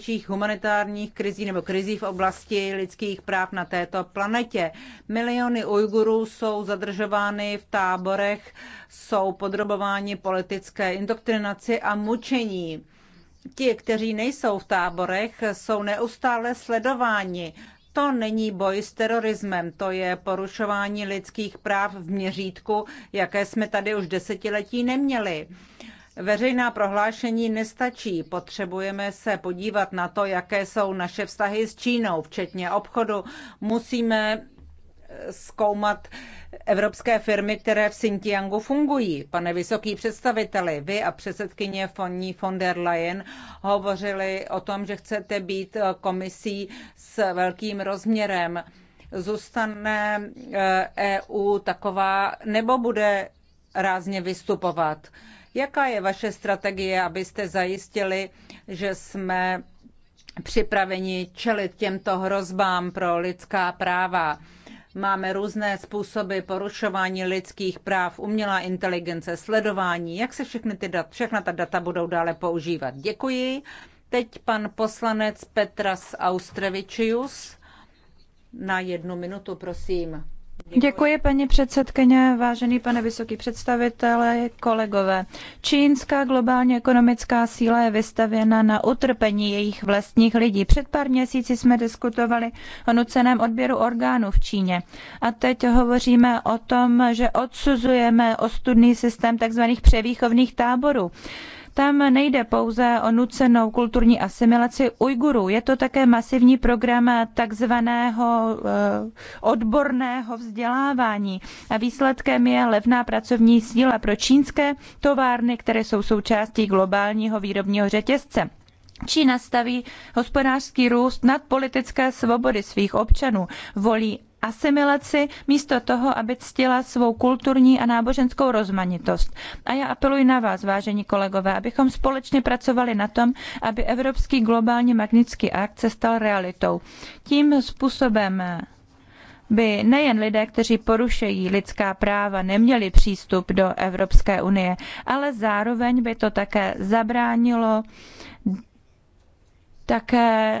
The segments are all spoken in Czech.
největších humanitárních krizí nebo krizí v oblasti lidských práv na této planetě. Miliony Ujgurů jsou zadržovány v táborech, jsou podrobováni politické indoktrinaci a mučení. Ti, kteří nejsou v táborech, jsou neustále sledováni. To není boj s terorismem, to je porušování lidských práv v měřítku, jaké jsme tady už desetiletí neměli. Veřejná prohlášení nestačí. Potřebujeme se podívat na to, jaké jsou naše vztahy s Čínou, včetně obchodu. Musíme eh, zkoumat eh, evropské firmy, které v Xinjiangu fungují. Pane vysoký představiteli, vy a předsedkyně Fonní von der Leyen hovořili o tom, že chcete být eh, komisí s velkým rozměrem. Zůstane EU e taková nebo bude rázně vystupovat? Jaká je vaše strategie, abyste zajistili, že jsme připraveni čelit těmto hrozbám pro lidská práva? Máme různé způsoby porušování lidských práv, umělá inteligence, sledování, jak se všechny ty dat, všechna ta data budou dále používat. Děkuji. Teď pan poslanec Petras Austrevičius. Na jednu minutu, prosím. Děkuji, paní předsedkyně, vážený pane vysoký představitele, kolegové. Čínská globální ekonomická síla je vystavěna na utrpení jejich vlastních lidí. Před pár měsíci jsme diskutovali o nuceném odběru orgánů v Číně. A teď hovoříme o tom, že odsuzujeme ostudný systém tzv. převýchovných táborů tam nejde pouze o nucenou kulturní asimilaci Ujgurů, je to také masivní program takzvaného eh, odborného vzdělávání a výsledkem je levná pracovní síla pro čínské továrny, které jsou součástí globálního výrobního řetězce. Čína staví hospodářský růst nad politické svobody svých občanů, volí asimilaci místo toho, aby ctila svou kulturní a náboženskou rozmanitost. A já apeluji na vás, vážení kolegové, abychom společně pracovali na tom, aby Evropský globální magnický akt se stal realitou. Tím způsobem by nejen lidé, kteří porušují lidská práva, neměli přístup do Evropské unie, ale zároveň by to také zabránilo také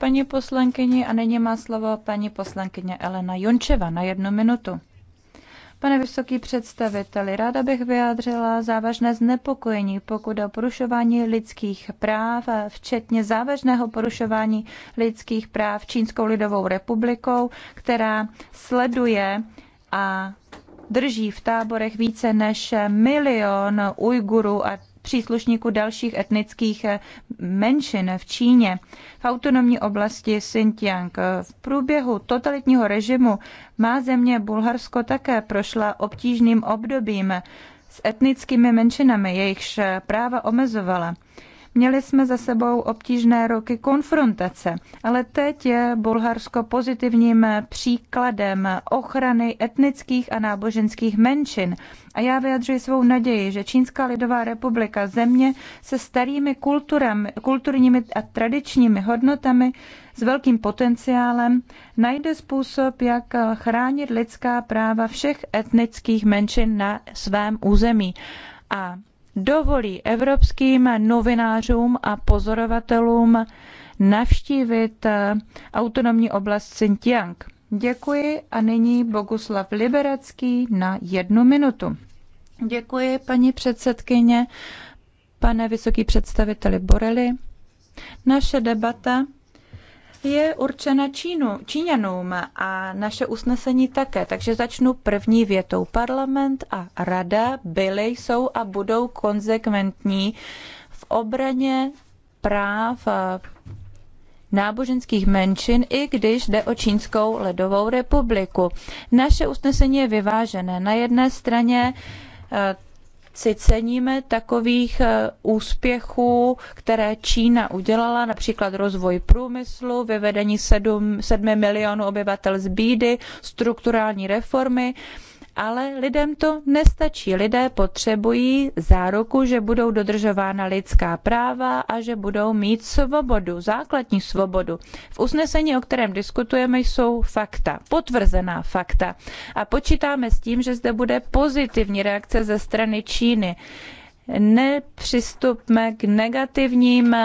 paní poslankyni a nyní má slovo paní poslankyně Elena Jončeva na jednu minutu. Pane vysoký představiteli, ráda bych vyjádřila závažné znepokojení, pokud o porušování lidských práv, včetně závažného porušování lidských práv Čínskou lidovou republikou, která sleduje a drží v táborech více než milion Ujgurů a příslušníků dalších etnických eh, menšin v Číně, v autonomní oblasti Xinjiang. Eh, v průběhu totalitního režimu má země Bulharsko také prošla obtížným obdobím s etnickými menšinami, jejichž eh, práva omezovala. Měli jsme za sebou obtížné roky konfrontace, ale teď je Bulharsko pozitivním příkladem ochrany etnických a náboženských menšin. A já vyjadřuji svou naději, že Čínská lidová republika, země se starými kulturami, kulturními a tradičními hodnotami, s velkým potenciálem, najde způsob, jak chránit lidská práva všech etnických menšin na svém území. A dovolí evropským novinářům a pozorovatelům navštívit eh, autonomní oblast Xinjiang. Děkuji a nyní Boguslav Liberecký na jednu minutu. Děkuji, paní předsedkyně, pane vysoký představiteli Boreli. Naše debata je určena Čínu, Číňanům a naše usnesení také. Takže začnu první větou. Parlament a rada byly, jsou a budou konzekventní v obraně práv náboženských menšin, i když jde o Čínskou ledovou republiku. Naše usnesení je vyvážené. Na jedné straně eh, si ceníme takových eh, úspěchů, které Čína udělala, například rozvoj průmyslu, vyvedení 7, 7 milionů obyvatel z bídy, strukturální reformy ale lidem to nestačí. Lidé potřebují záruku, že budou dodržována lidská práva a že budou mít svobodu, základní svobodu. V usnesení, o kterém diskutujeme, jsou fakta, potvrzená fakta. A počítáme s tím, že zde bude pozitivní reakce ze strany Číny nepřistupme k negativním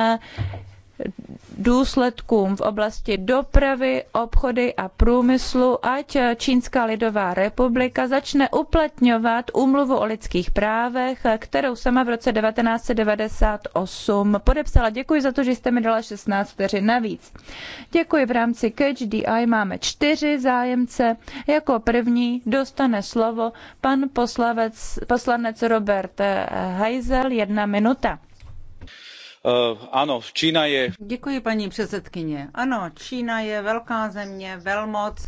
důsledkům v oblasti dopravy, obchody a průmyslu, ať Čínská lidová republika začne uplatňovat úmluvu o lidských právech, kterou sama v roce 1998 podepsala. Děkuji za to, že jste mi dala 16 vteřin navíc. Děkuji. V rámci Catch DI máme čtyři zájemce. Jako první dostane slovo pan poslavec, poslanec Robert Heisel, jedna minuta. Eh, paní předsedající Ano, Čína je velká země, velmoc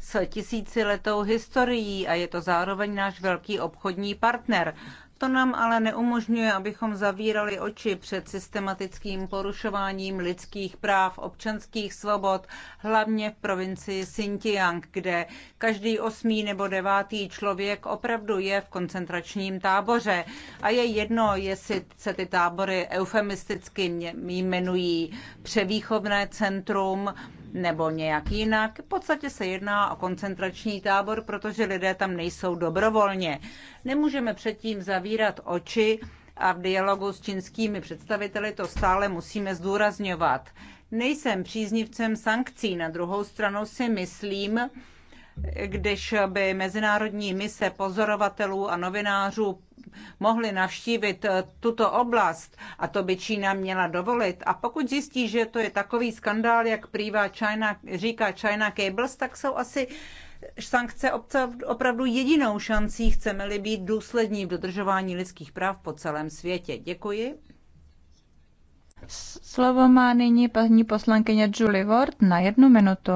s tisíciletou historií a je to zároveň náš velký obchodní partner. To nám ale neumožňuje, abychom zavírali oči před systematickým porušováním lidských práv, občanských svobod, hlavně v provincii Xinjiang, kde každý osmý nebo devátý člověk opravdu je v koncentračním táboře. A je jedno, jestli se ty tábory eufemisticky jmenují převýchovné centrum, nebo nějak jinak. V podstatě se jedná o koncentrační tábor, protože lidé tam nejsou dobrovolně. Nemůžeme předtím zavírat oči a v dialogu s čínskými představiteli to stále musíme zdůrazňovat. Nejsem příznivcem sankcí, na druhou stranu si myslím, když by mezinárodní mise pozorovatelů a novinářů mohli navštívit eh, tuto oblast a to by Čína měla dovolit. A pokud zjistí, že to je takový skandál, jak prývá China, říká China Cables, tak jsou asi sankce opravdu jedinou šancí, chceme-li být důslední v dodržování lidských práv po celém světě. Děkuji. Slovo má nyní paní poslankyně Julie Ward na jednu minutu.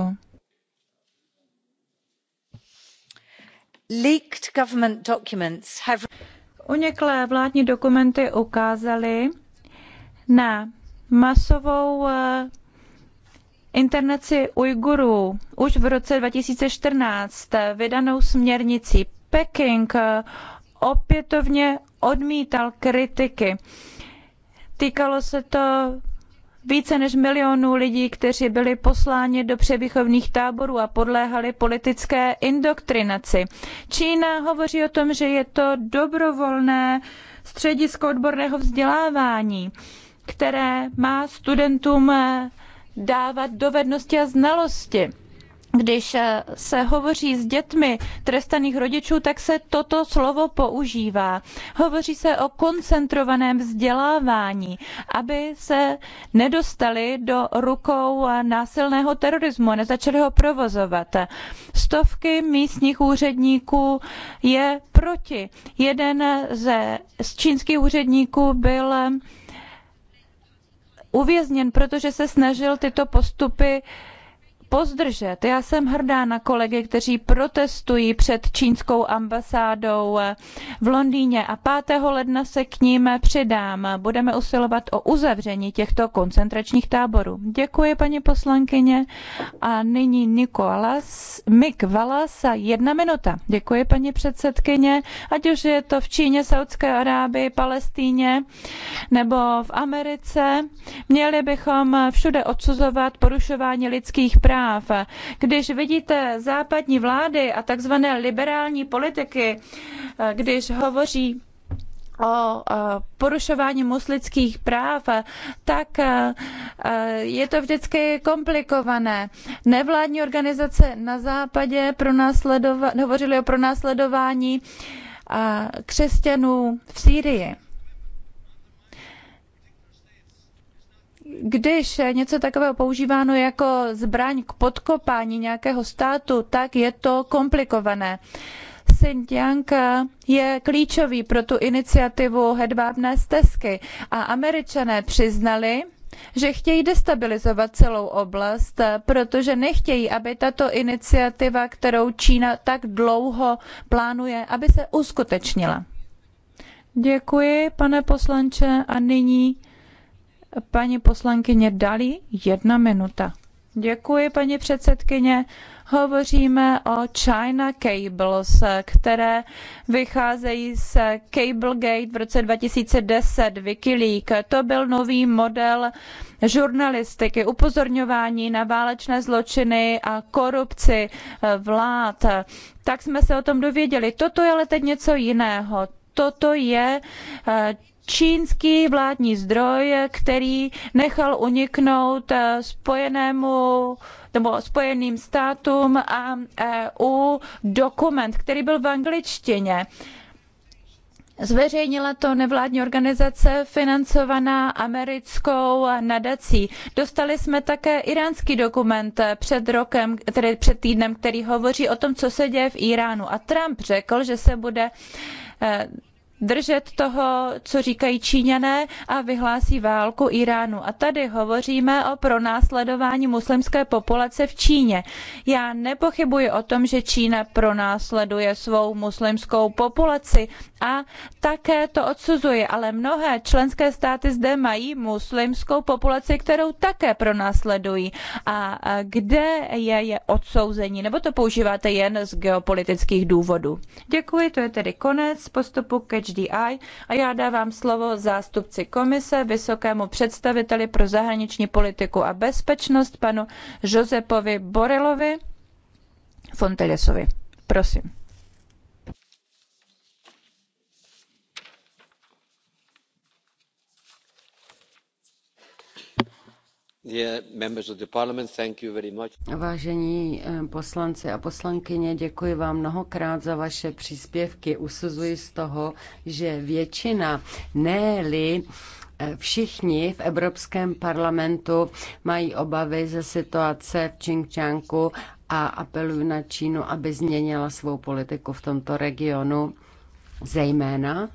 Leaked government documents have... Uniklé vládní dokumenty ukázaly na masovou eh, internaci Ujgurů už v roce 2014 eh, vydanou směrnicí. Peking eh, opětovně odmítal kritiky. Týkalo se to více než milionu lidí, kteří byli posláni do převýchovných táborů a podléhali politické indoktrinaci. Čína hovoří o tom, že je to dobrovolné středisko odborného vzdělávání, které má studentům dávat dovednosti a znalosti když eh, se hovoří s dětmi trestaných rodičů, tak se toto slovo používá. Hovoří se o koncentrovaném vzdělávání, aby se nedostali do rukou eh, násilného terorismu nezačali ho provozovat. Stovky místních úředníků je proti. Jeden ze, z čínských úředníků byl eh, uvězněn, protože se snažil tyto postupy pozdržet. Já jsem hrdá na kolegy, kteří protestují před čínskou ambasádou v Londýně a 5. ledna se k ním přidám. Budeme usilovat o uzavření těchto koncentračních táborů. Děkuji, paní poslankyně. A nyní Nikolas, Mik jedna minuta. Děkuji, paní předsedkyně. Ať už je to v Číně, Saudské Arábii, Palestíně nebo v Americe, měli bychom všude odsuzovat porušování lidských práv práv. Když vidíte západní vlády a takzvané liberální politiky, když hovoří o porušování muslimských práv, tak e, je to vždycky komplikované. Nevládní organizace na západě pronásledova- hovořily o pronásledování e, křesťanů v Sýrii. když něco takového používáno jako zbraň k podkopání nějakého státu, tak je to komplikované. Xinjiang je klíčový pro tu iniciativu hedvábné stezky a američané přiznali, že chtějí destabilizovat celou oblast, protože nechtějí, aby tato iniciativa, kterou Čína tak dlouho plánuje, aby se uskutečnila. Děkuji, pane poslanče, a nyní Paní poslankyně Dali, jedna minuta. Děkuji, paní předsedkyně. Hovoříme o China Cables, které vycházejí z Cablegate v roce 2010, Wikileaks. To byl nový model žurnalistiky, upozorňování na válečné zločiny a korupci vlád. Tak jsme se o tom dověděli. Toto je ale teď něco jiného. Toto je eh, čínský vládní zdroj, který nechal uniknout eh, spojenému nebo spojeným státům a EU dokument, který byl v angličtině. Zveřejnila to nevládní organizace financovaná americkou nadací. Dostali jsme také iránský dokument před rokem, tedy před týdnem, který hovoří o tom, co se děje v Iránu. A Trump řekl, že se bude eh, držet toho, co říkají Číňané a vyhlásí válku Iránu. A tady hovoříme o pronásledování muslimské populace v Číně. Já nepochybuji o tom, že Čína pronásleduje svou muslimskou populaci a také to odsuzuje, ale mnohé členské státy zde mají muslimskou populaci, kterou také pronásledují. A kde je je odsouzení? Nebo to používáte jen z geopolitických důvodů? Děkuji, to je tedy konec postupu ke HDI a já dávám slovo zástupci komise, vysokému představiteli pro zahraniční politiku a bezpečnost, panu Josepovi Borelovi Fontelesovi. Prosím. Vážení eh, poslanci a poslankyně, děkuji vám mnohokrát za vaše příspěvky. Usuzuji z toho, že většina, ne-li eh, všichni v Evropském parlamentu mají obavy ze situace v Čingčánku a apeluji na Čínu, aby změnila svou politiku v tomto regionu, zejména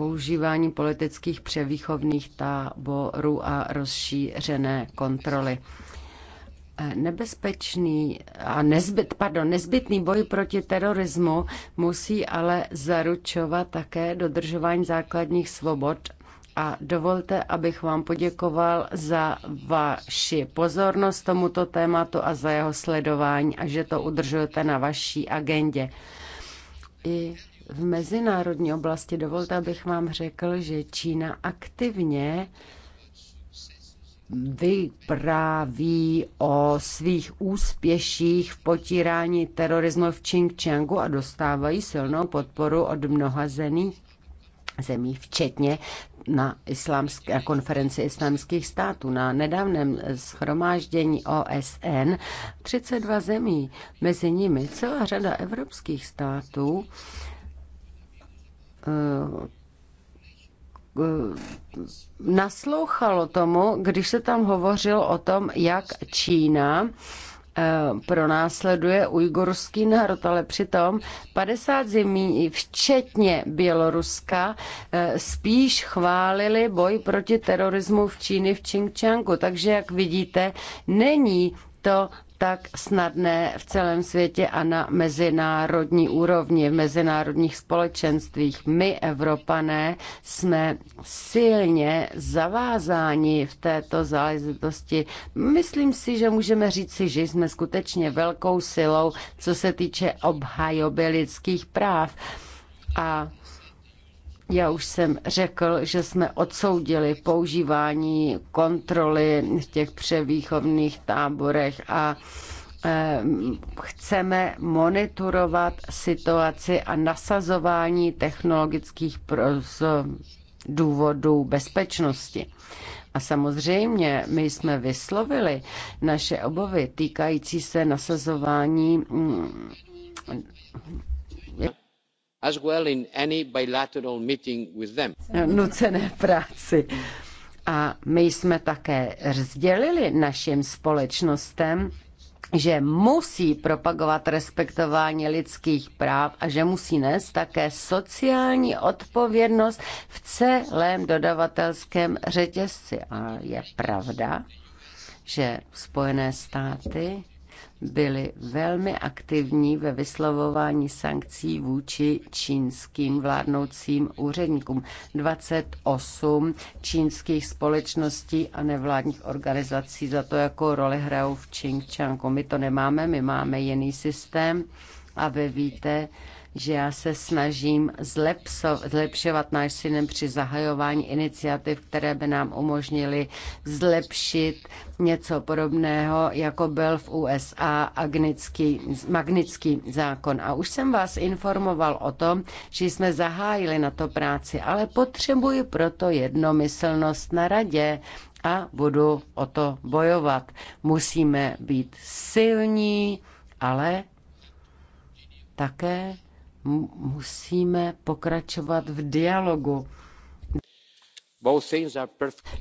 používání politických převýchovných táborů a rozšířené kontroly. Nebezpečný a nezbyt, pardon, nezbytný boj proti terorismu musí ale zaručovat také dodržování základních svobod a dovolte, abych vám poděkoval za vaši pozornost tomuto tématu a za jeho sledování a že to udržujete na vaší agendě. I v mezinárodní oblasti dovolte, abych vám řekl, že Čína aktivně vypráví o svých úspěších v potírání terorismu v Xinjiangu a dostávají silnou podporu od mnoha zemí, zemí včetně na islámské, konferenci islámských států. Na nedávném schromáždění OSN 32 zemí, mezi nimi celá řada evropských států, Eh, eh, naslouchalo tomu, když se tam hovořil o tom, jak Čína eh, pronásleduje ujgurský národ, ale přitom 50 zemí, včetně Běloruska, spíš chválili boj proti terorismu v Číny v Čingčangu. Takže, jak vidíte, není to tak snadné v celém světě a na mezinárodní úrovni, v mezinárodních společenstvích. My, Evropané, jsme silně zavázáni v této záležitosti. Myslím si, že můžeme říci, že jsme skutečně velkou silou, co se týče obhajoby lidských práv. A já už jsem řekl, že jsme odsoudili používání kontroly v těch převýchovných táborech a eh, chceme monitorovat situaci a nasazování technologických důvodů bezpečnosti. A samozřejmě my jsme vyslovili naše obavy týkající se nasazování mm, as well in any bilateral meeting with them. Nucené práci. A my jsme také sdělili našim společnostem, že musí propagovat respektování lidských práv a že musí nést také sociální odpovědnost v celém dodavatelském řetězci. A je pravda, že Spojené státy byli velmi aktivní ve vyslovování sankcí vůči čínským vládnoucím úředníkům. 28 čínských společností a nevládních organizací za to, jako roli hrajou v Čingčanku. My to nemáme, my máme jiný systém a vy víte, že já se snažím zlepšovat náš synem při zahajování iniciativ, které by nám umožnily zlepšit něco podobného, jako byl v USA agnický, magnický zákon. A už jsem vás informoval o tom, že jsme zahájili na to práci, ale potřebuji proto jednomyslnost na radě a budu o to bojovat. Musíme být silní, ale také musíme pokračovat v dialogu.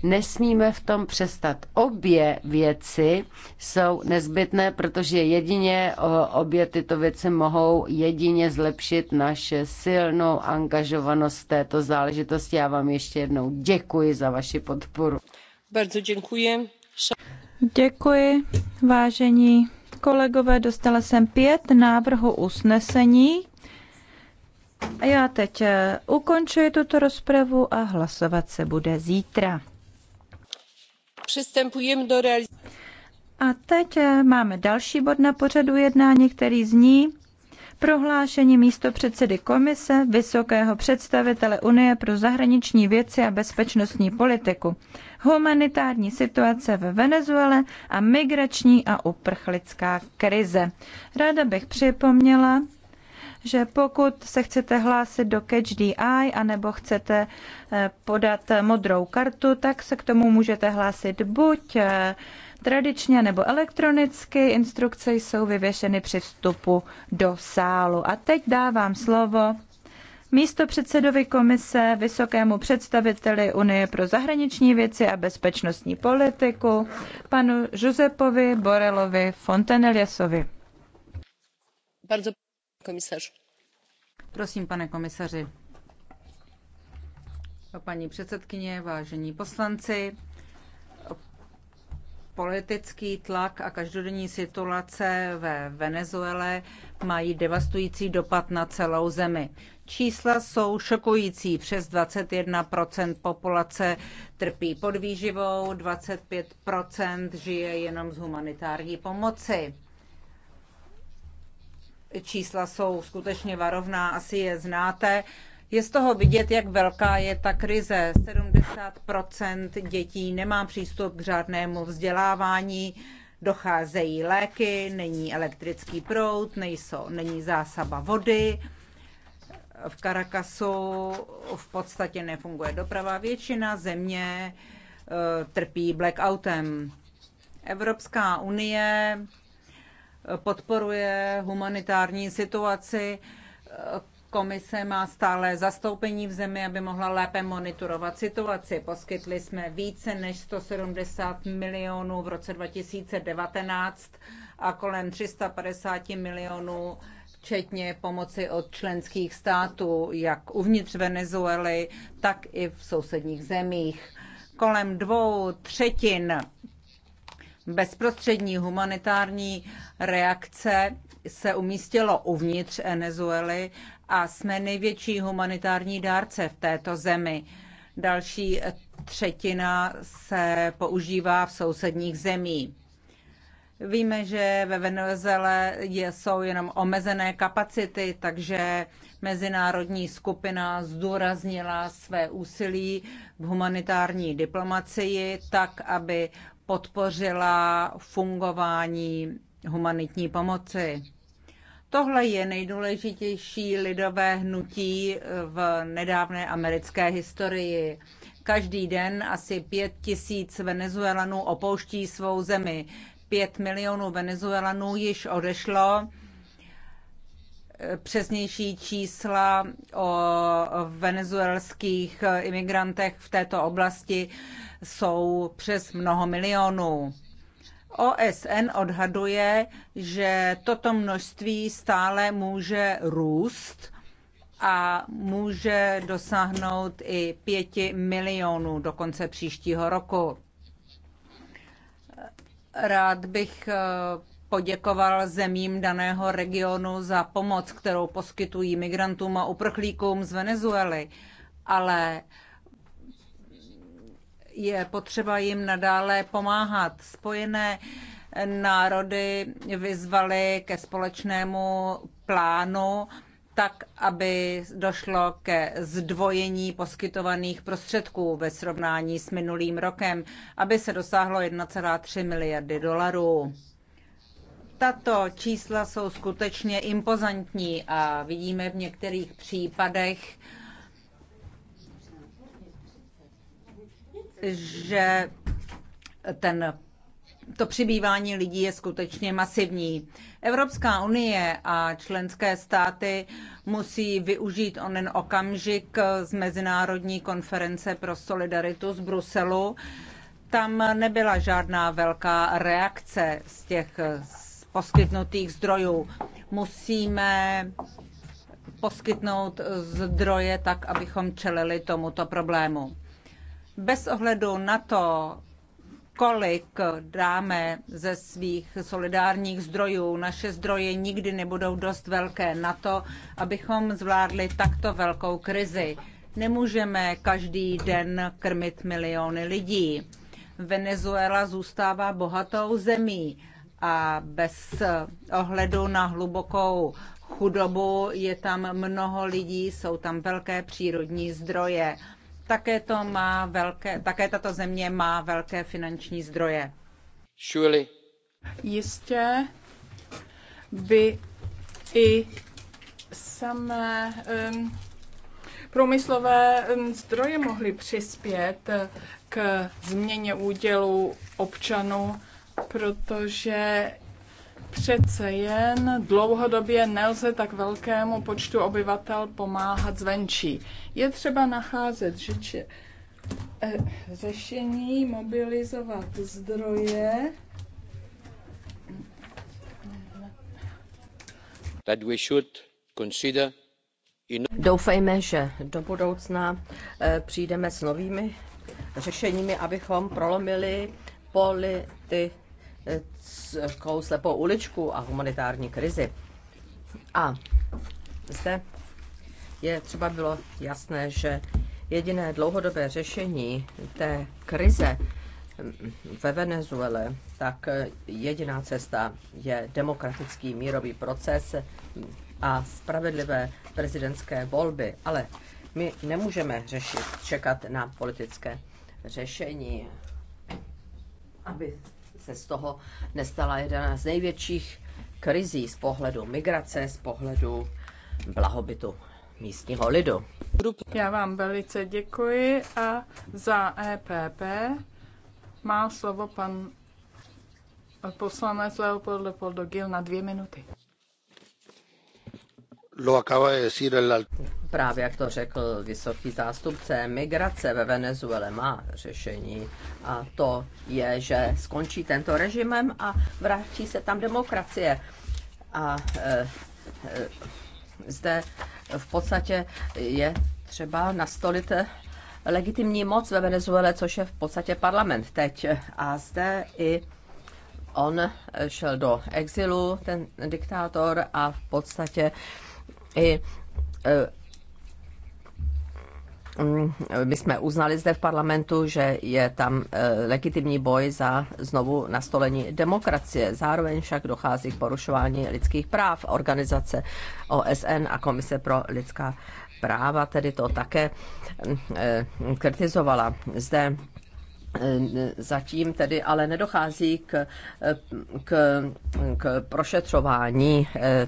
Nesmíme v tom přestat. Obě věci jsou nezbytné, protože jedině obě tyto věci mohou jedině zlepšit naše silnou angažovanost této záležitosti. Já vám ještě jednou děkuji za vaši podporu. Bardzo děkuji. Děkuji, vážení kolegové. Dostala jsem pět návrhů usnesení a já teď eh, ukončuji tuto rozpravu a hlasovat se bude zítra. Přistępujeme do realizace. A teď eh, máme další bod na pořadu jednání, který zní prohlášení místo předsedy komise Vysokého představitele Unie pro zahraniční věci a bezpečnostní politiku, humanitární situace ve Venezuele a migrační a uprchlická krize. Ráda bych připomněla, že pokud se chcete hlásit do Catch the Eye anebo chcete eh, podat modrou kartu, tak se k tomu můžete hlásit buď eh, tradičně nebo elektronicky. Instrukce jsou vyvěšeny při vstupu do sálu. A teď dávám slovo místo předsedovi komise, vysokému představiteli Unie pro zahraniční věci a bezpečnostní politiku, panu Giuseppovi Borelovi Fontanellesovi. Bardzo komisař. Prosím, pane komisaři. Paní předsedkyně, vážení poslanci, politický tlak a každodenní situace ve Venezuele mají devastující dopad na celou zemi. Čísla jsou šokující. Přes 21% populace trpí podvýživou, 25% žije jenom z humanitární pomoci čísla jsou skutečně varovná, asi je znáte. Je z toho vidět, jak velká je ta krize. 70 dětí nemá přístup k žádnému vzdělávání, docházejí léky, není elektrický proud, nejsou, není zásaba vody. V Caracasu v podstatě nefunguje doprava. Většina země eh, trpí blackoutem. Evropská unie podporuje humanitární situaci. Komise má stále zastoupení v zemi, aby mohla lépe monitorovat situaci. Poskytli jsme více než 170 milionů v roce 2019 a kolem 350 milionů včetně pomoci od členských států, jak uvnitř Venezuely, tak i v sousedních zemích. Kolem dvou třetin bezprostřední humanitární reakce se umístilo uvnitř Venezuely a jsme největší humanitární dárce v této zemi. Další třetina se používá v sousedních zemích. Víme, že ve Venezuele jsou jenom omezené kapacity, takže mezinárodní skupina zdůraznila své úsilí v humanitární diplomacii tak, aby podpořila fungování humanitní pomoci. Tohle je nejdůležitější lidové hnutí v nedávné americké historii. Každý den asi pět tisíc Venezuelanů opouští svou zemi. Pět milionů Venezuelanů již odešlo. Přesnější čísla o venezuelských imigrantech v této oblasti jsou přes mnoho milionů. OSN odhaduje, že toto množství stále může růst a může dosáhnout i pěti milionů do konce příštího roku. Rád bych eh, poděkoval zemím daného regionu za pomoc, kterou poskytují migrantům a uprchlíkům z Venezuely, ale je potřeba jim nadále pomáhat. Spojené národy vyzvaly ke společnému plánu, tak, aby došlo ke zdvojení poskytovaných prostředků ve srovnání s minulým rokem, aby se dosáhlo 1,3 miliardy dolarů. Tato čísla jsou skutečně impozantní a vidíme v některých případech, že ten to přibývání lidí je skutečně masivní. Evropská unie a členské státy musí využít onen okamžik z Mezinárodní konference pro solidaritu z Bruselu. Tam nebyla žádná velká reakce z těch poskytnutých zdrojů. Musíme poskytnout zdroje tak, abychom čelili tomuto problému. Bez ohledu na to, kolik dáme ze svých solidárních zdrojů. Naše zdroje nikdy nebudou dost velké na to, abychom zvládli takto velkou krizi. Nemůžeme každý den krmit miliony lidí. Venezuela zůstává bohatou zemí a bez ohledu na hlubokou chudobu je tam mnoho lidí, jsou tam velké přírodní zdroje také, to má velké, také tato země má velké finanční zdroje. Surely. Jistě by i samé um, průmyslové zdroje mohly přispět eh, k změně údělu občanů, protože Přece jen dlouhodobě nelze tak velkému počtu obyvatel pomáhat zvenčí. Je třeba nacházet řeči, eh, řešení, mobilizovat zdroje. That we should consider Doufejme, že do budoucna eh, přijdeme s novými řešeními, abychom prolomili politiku takovou slepou uličku a humanitární krizi. A zde je třeba bylo jasné, že jediné dlouhodobé řešení té krize ve Venezuele, tak jediná cesta je demokratický mírový proces a spravedlivé prezidentské volby. Ale my nemůžeme řešit, čekat na politické řešení, aby se z toho nestala jedna z největších krizí z pohledu migrace, z pohledu blahobytu místního lidu. Já vám velice děkuji a za EPP má slovo pan poslanec Leopold Leopoldo Gil na dvě minuty. Právě jak to řekl vysoký zástupce, migrace ve Venezuele má řešení a to je, že skončí tento režimem a vrátí se tam demokracie. A e, e, zde v podstatě je třeba nastolit legitimní moc ve Venezuele, což je v podstatě parlament teď. A zde i on šel do exilu, ten diktátor, a v podstatě i e, mm, my jsme uznali zde v parlamentu, že je tam e, legitimní boj za znovu nastolení demokracie. Zároveň však dochází k porušování lidských práv. Organizace OSN a Komise pro lidská práva tedy to také mm, e, kritizovala. Zde Eh, zatím tedy ale nedochází k, eh, k, k prošetřování eh,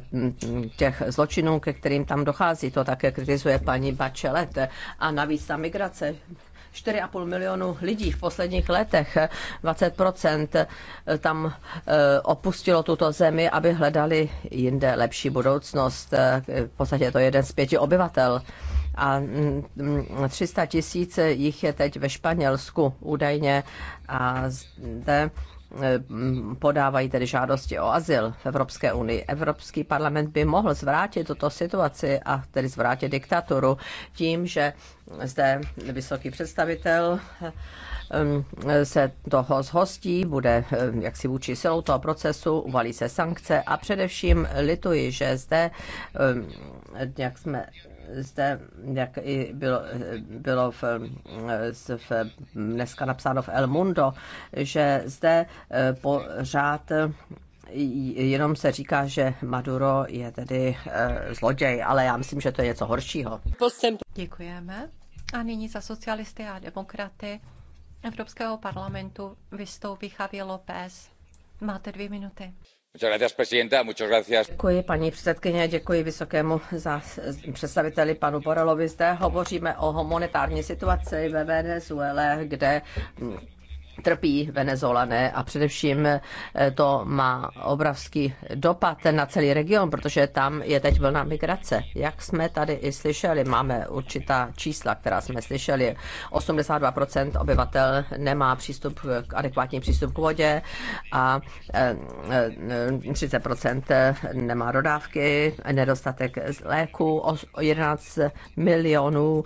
těch zločinů, ke kterým tam dochází. To také kritizuje paní Bachelet. A navíc ta migrace 4,5 milionu lidí v posledních letech, 20% tam opustilo tuto zemi, aby hledali jinde lepší budoucnost. V podstatě je to jeden z pěti obyvatel a 300 mm, tisíc jich je teď ve Španělsku údajně a zde mm, podávají tedy žádosti o azyl v Evropské unii. Evropský parlament by mohl zvrátit tuto situaci a tedy zvrátit diktaturu tím, že zde vysoký představitel mm, se toho zhostí, bude jaksi vůči silou toho procesu, uvalí se sankce a především lituji, že zde, jak jsme zde, jak i bylo, bylo v, v, dneska napsáno v El Mundo, že zde eh, pořád jenom se říká, že Maduro je tedy eh, zloděj, ale já myslím, že to je něco horšího. Děkujeme. A nyní za socialisty a demokraty Evropského parlamentu vystoupí Javier López. Máte dvě minuty. Děkuji paní předsedkyně, děkuji vysokému za představiteli panu Borelovi. Zde hovoříme o humanitární situaci ve Venezuele, kde trpí Venezolané a především eh, to má obrovský dopad na celý region, protože tam je teď vlna migrace. Jak jsme tady i slyšeli, máme určitá čísla, která jsme slyšeli. 82% obyvatel nemá přístup k adekvátní přístup k vodě a 30% eh, eh, nemá dodávky, nedostatek léku, 11 milionů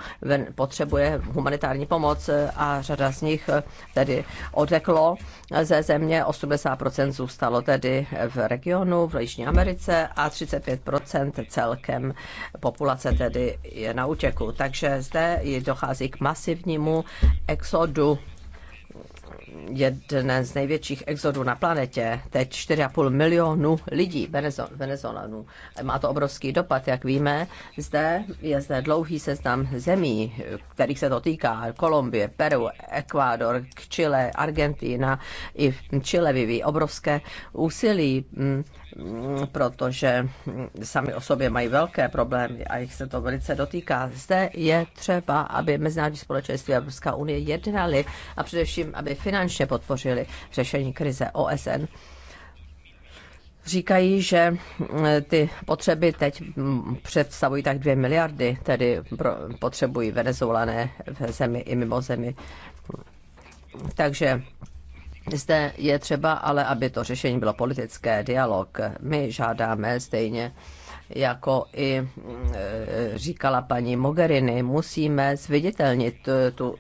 potřebuje humanitární pomoc a řada z nich tedy odeklo ze země, 80% zůstalo tedy v regionu, v Jižní Americe a 35% celkem populace tedy je na útěku. Takže zde dochází k masivnímu exodu jeden z největších exodů na planetě, teď 4,5 milionu lidí, Venezolanů. Má to obrovský dopad, jak víme. Zde je zde dlouhý seznam zemí, kterých se to týká. Kolumbie, Peru, Ekvádor, Chile, Argentina. I v Chile vyvíjí obrovské úsilí mm, protože sami o sobě mají velké problémy a jich se to velice dotýká. Zde je třeba, aby mezinárodní společenství a Evropská unie jednali a především, aby finančně podpořili řešení krize OSN říkají, že ty potřeby teď představují tak dvě miliardy, tedy potřebují venezolané v zemi i mimo zemi. Takže zde je třeba ale, aby to řešení bylo politické, dialog. My žádáme stejně jako i mm, e, říkala paní Mogherini, musíme zviditelnit tu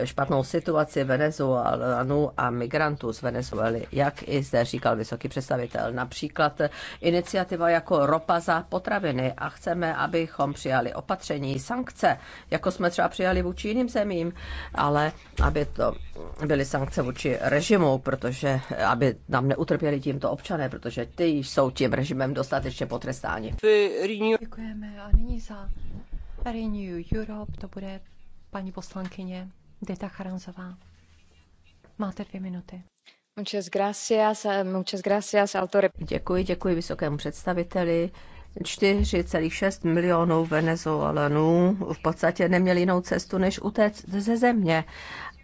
e, špatnou situaci Venezuelanů a migrantů z Venezuely, jak i zde říkal vysoký představitel. Například iniciativa jako ropa za potraviny a chceme, abychom přijali opatření, sankce, jako jsme třeba přijali vůči jiným zemím, ale aby to byly sankce vůči režimu, protože aby nám neutrpěli tímto občané, protože ty jsou tím režimem dostatečně potrestáni rádi. Děkujeme a nyní za Renew Europe to bude paní poslankyně Deta Charanzová. Máte dvě minuty. Muchas gracias, muchas gracias, autore. Děkuji, děkuji vysokému představiteli. 4,6 milionů Venezuelanů v podstatě neměli jinou cestu, než utéct ze země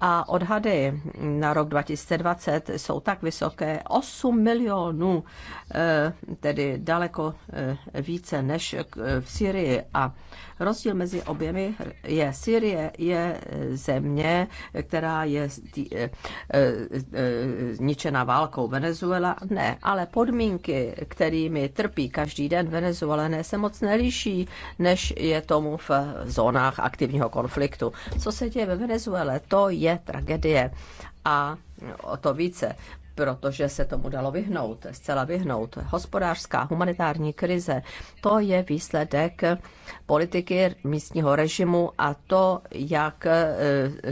a odhady na rok 2020 jsou tak vysoké 8 milionů, eh, tedy daleko eh, více než eh, v Syrii. A rozdíl mezi oběmi je, Syrie je země, která je zničena válkou. Venezuela ne, ale podmínky, kterými trpí každý den Venezuelané, se moc neliší, než je tomu v zónách aktivního konfliktu. Co se děje ve Venezuele, to je je tragédie. A o to více, protože se tomu dalo vyhnout, zcela vyhnout. Hospodářská, humanitární krize, to je výsledek politiky místního režimu a to, jak eh,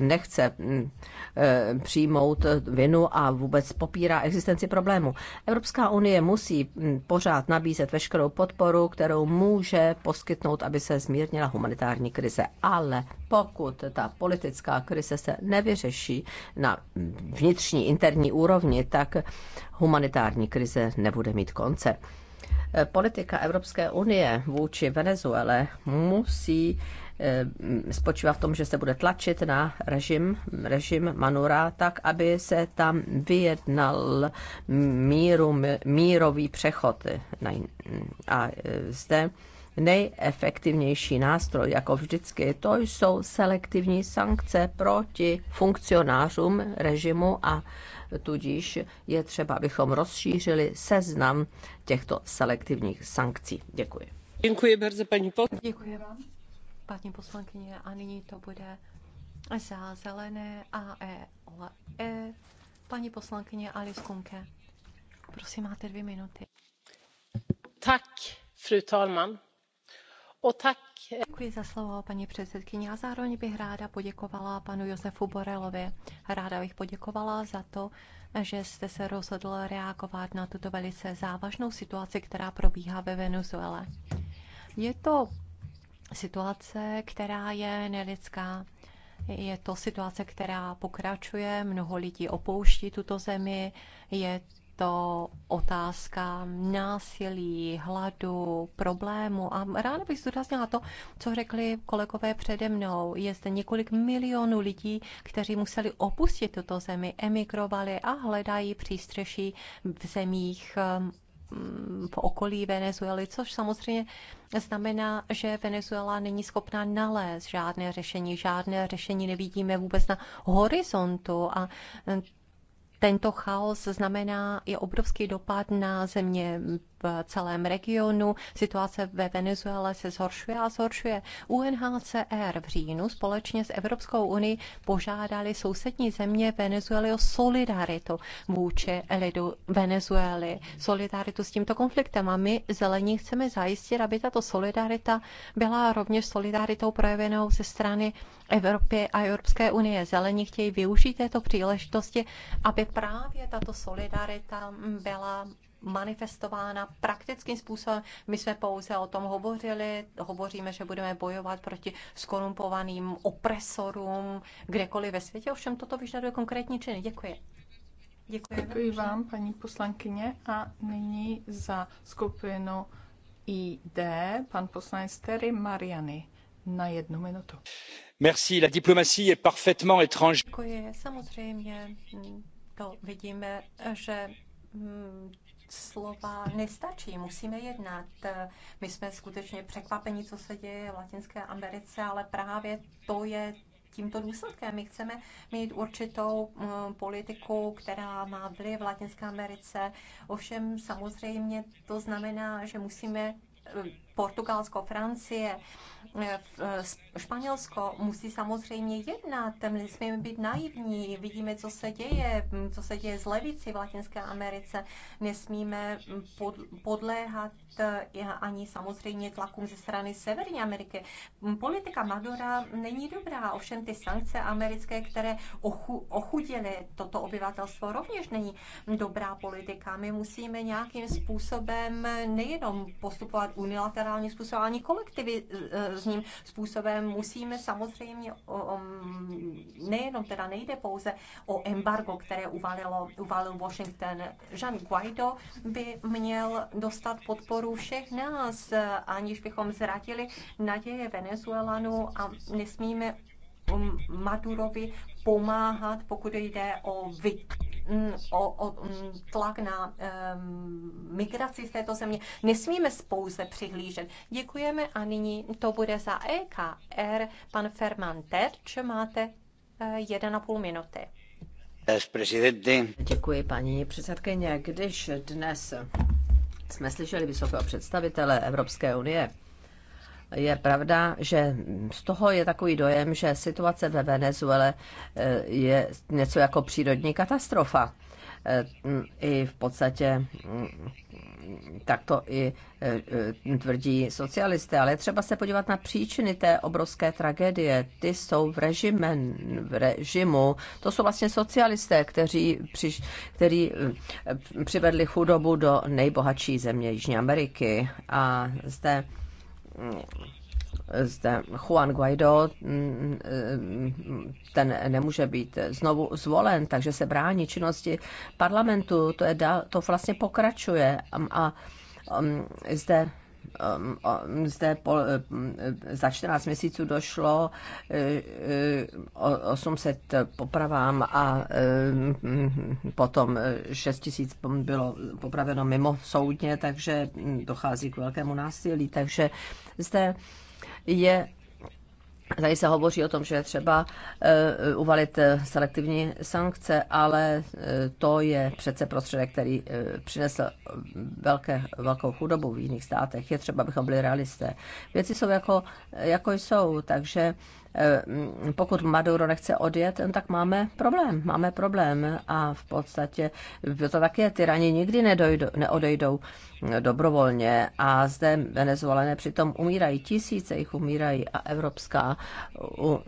nechce hm, Eh, přijmout vinu a vůbec popírá existenci problému. Evropská unie musí hm, pořád nabízet veškerou podporu, kterou může poskytnout, aby se zmírnila humanitární krize. Ale pokud ta politická krize se nevyřeší na hm, vnitřní interní úrovni, tak humanitární krize nebude mít konce politika Evropské unie vůči Venezuele musí eh, spočívá v tom, že se bude tlačit na režim, režim Manura, tak, aby se tam vyjednal míru, mírový přechod. A eh, zde nejefektivnější nástroj, jako vždycky, to jsou selektivní sankce proti funkcionářům režimu a tudíž je třeba, abychom rozšířili seznam těchto selektivních sankcí. Děkuji. Děkuji bardzo, paní poslankyně. Děkuji vám, paní poslankyně. A nyní to bude za zelené a e, ole, e. Paní poslankyně Alice Kunke. Prosím, máte dvě minuty. Tak, fru talman. Děkuji za slovo, paní předsedkyně. Já zároveň bych ráda poděkovala panu Josefu Borelovi. Ráda bych poděkovala za to, že jste se rozhodl reagovat na tuto velice závažnou situaci, která probíhá ve Venezuele. Je to situace, která je nelidská. Je to situace, která pokračuje, mnoho lidí opouští tuto zemi, je to otázka násilí, hladu, problému. A ráda bych zdůraznila to, co řekli kolegové přede mnou. Je zde několik milionů lidí, kteří museli opustit tuto zemi, emigrovali a hledají přístřeší v zemích mm, v okolí Venezuely, což samozřejmě znamená, že Venezuela není schopná nalézt žádné řešení. Žádné řešení nevidíme vůbec na horizontu a tento chaos znamená i obrovský dopad na země v celém regionu. Situace ve Venezuele se zhoršuje a zhoršuje. UNHCR v říjnu společně s Evropskou unii požádali sousední země Venezuely o solidaritu vůči lidu Venezuely. Solidaritu s tímto konfliktem a my zelení chceme zajistit, aby tato solidarita byla rovněž solidaritou projevenou ze strany Evropy a Evropské unie. Zelení chtějí využít této příležitosti, aby právě tato solidarita byla manifestována praktickým způsobem. My jsme pouze o tom hovořili, hovoříme, že budeme bojovat proti skorumpovaným opresorům kdekoliv ve světě, ovšem toto vyžaduje konkrétní činy. Děkuji. Děkuji, Děkuji vám, paní poslankyně. A nyní za skupinu ID pan poslanec Terry Mariany na jednu minutu. Merci. La diplomatie est parfaitement étrangère. Děkuji. Samozřejmě to vidíme, že mm, slova nestačí, musíme jednat. My jsme skutečně překvapeni, co se děje v Latinské Americe, ale právě to je tímto důsledkem. My chceme mít určitou eh, politiku, která má vliv v Latinské Americe. Ovšem samozřejmě to znamená, že musíme eh, Portugalsko, Francie, eh, eh, Španělsko musí samozřejmě jednat, nesmíme být naivní, vidíme, co se děje, hm, co se děje z levici v Latinské Americe, nesmíme hm, podléhat eh, ani samozřejmě tlakům ze strany Severní Ameriky. Hm, politika Madura není dobrá, ovšem ty sankce americké, které ochudily toto obyvatelstvo, rovněž není dobrá politika. My musíme nějakým způsobem nejenom postupovat unilaterálně, nějakým způsobem, ani kolektivním způsobem musíme samozřejmě o, o, mm, nejenom teda nejde pouze o embargo, které uvalilo, uvalil Washington. Jean Guaido by měl dostat podporu všech nás, eh, aniž bychom zratili naděje Venezuelanů a nesmíme mm, Madurovi pomáhat, pokud jde o vy Mm, o, o mm, tlak na um, migraci z této země. Nesmíme spouze přihlížet. Děkujeme a nyní to bude za EKR. Pan Ferman Terč, máte eh, Jeden a půl minuty. Děkuji, paní předsedkyně. Když dnes jsme slyšeli vysokého představitele Evropské unie, je pravda, že z toho je takový dojem, že situace ve Venezuele eh, je něco jako přírodní katastrofa. Eh, I v podstatě mm, tak to i eh, tvrdí socialisté, ale třeba se podívat na příčiny té obrovské tragédie. Ty jsou v, režimen, v režimu. To jsou vlastně socialisté, kteří, přiš, kteří přivedli chudobu do nejbohatší země Jižní Ameriky. A zde zde Juan Guaido, ten nemůže být znovu zvolen, takže se brání činnosti parlamentu, to, je, to vlastně pokračuje a, a um, zde Um, zde po, um, za 14 měsíců došlo 800 uh, uh, popravám a um, potom 6 tisíc bylo popraveno mimo soudně, takže dochází k velkému násilí. Takže zde je Tady se hovoří o tom, že je třeba eh, uvalit eh, selektivní sankce, ale eh, to je přece prostředek, který přinesl velké, velkou chudobu v jiných státech. Je třeba, abychom byli realisté. Věci jsou jako, jako jsou, takže pokud Maduro nechce odjet, no tak máme problém. Máme problém a v podstatě to tak je. Tyrani nikdy nedojdou, neodejdou dobrovolně a zde Venezuelané přitom umírají, tisíce jich umírají a Evropská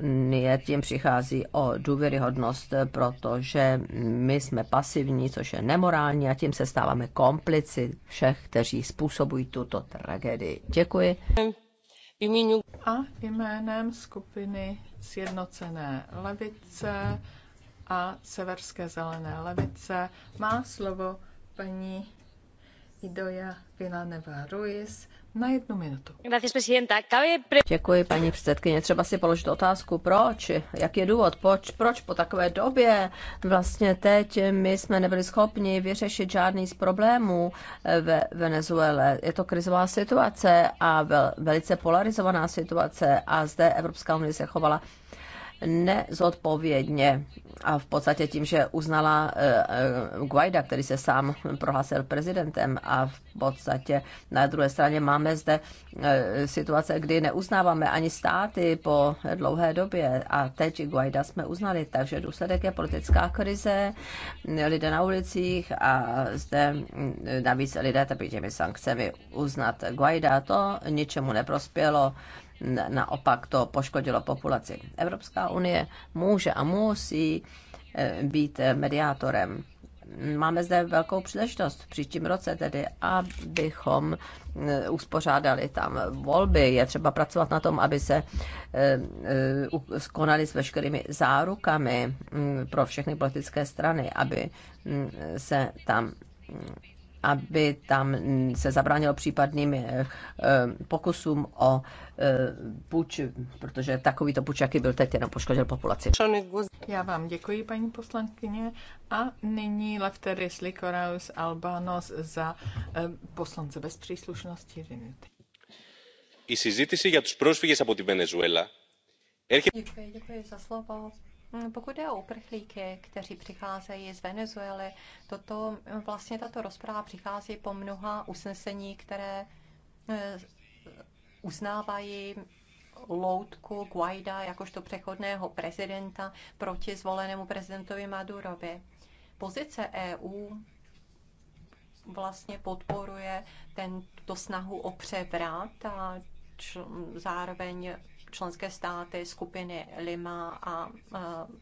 Unie tím přichází o důvěryhodnost, protože my jsme pasivní, což je nemorální a tím se stáváme komplici všech, kteří způsobují tuto tragédii. Děkuji. A jménem skupiny Sjednocené levice a Severské zelené levice má slovo paní Idoja Vilaneva Ruiz, na jednu minutu. Děkuji, paní předsedkyně. Třeba si položit otázku, proč, jak je důvod, proč, proč po takové době vlastně teď my jsme nebyli schopni vyřešit žádný z problémů eh, ve Venezuele. Je to krizová situace a vel, velice polarizovaná situace a zde Evropská unie se chovala nezodpovědně a v podstatě tím, že uznala eh, eh, Guaida, který se sám prohlásil prezidentem a v podstatě na druhé straně máme zde eh, situace, kdy neuznáváme ani státy po dlouhé době a teď Guaida jsme uznali, takže důsledek je politická krize, lidé na ulicích a zde hm, navíc lidé trpí těmi sankcemi uznat Guaida, to ničemu neprospělo naopak to poškodilo populaci. Evropská unie může a musí eh, být eh, mediátorem. Máme zde velkou příležitost v příštím roce tedy, abychom eh, uspořádali tam volby. Je třeba pracovat na tom, aby se skonali s veškerými zárukami mm, pro všechny politické strany, aby mm, se tam mm, aby tam se zabránilo případným eh, eh, pokusům o eh, puč, protože takovýto puč, jaký byl teď, jenom poškodil populaci. Já vám děkuji, paní poslankyně. A nyní Lefteris Likoraus Albanos za poslance bez příslušnosti. Dvě Η συζήτηση για τους πρόσφυγες από τη Βενεζουέλα Děkuji, děkuji za slovo, Mm, pokud je o uprchlíky, kteří přicházejí z Venezuely, toto, vlastně tato rozpráva přichází po mnoha usnesení, které eh, uznávají loutku Guaida jakožto přechodného prezidenta proti zvolenému prezidentovi Madurovi. Pozice EU vlastně podporuje tento snahu o převrat a zároveň členské státy skupiny Lima a